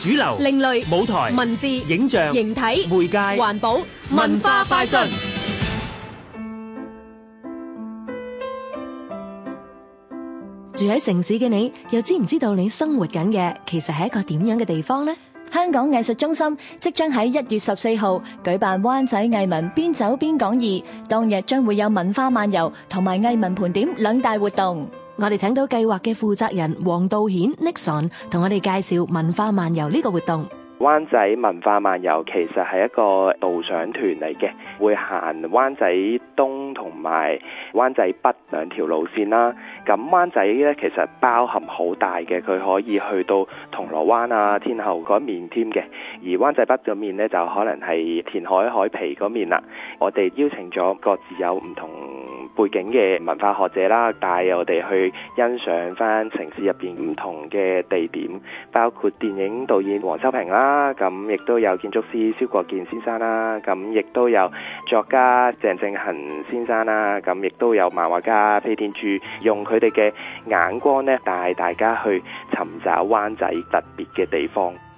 主流、另類、舞台、文字、影像、形體、媒介、環保、文化快訊。住喺城市嘅你，又知唔知道你生活緊嘅，其實係一個點樣嘅地方呢？香港藝術中心即將喺一月十四號舉辦灣仔藝文邊走邊講二，當日將會有文化漫遊同埋藝文盤點兩大活動。我哋請到計劃嘅負責人黃道顯 Nixon 同我哋介紹文化漫遊呢個活動。灣仔文化漫遊其實係一個導賞團嚟嘅，會行灣仔東同埋灣仔北兩條路線啦。咁灣仔咧其實包含好大嘅，佢可以去到銅鑼灣啊、天后嗰面添嘅。而灣仔北嗰面呢，就可能係填海海皮嗰面啦。我哋邀請咗各自有唔同。背景嘅文化學者啦，帶我哋去欣賞翻城市入邊唔同嘅地點，包括電影導演黃修平啦，咁亦都有建築師蕭國健先生啦，咁亦都有作家鄭正，正恒先生啦，咁亦都有漫畫家飛天柱，用佢哋嘅眼光咧，帶大家去尋找灣仔特別嘅地方。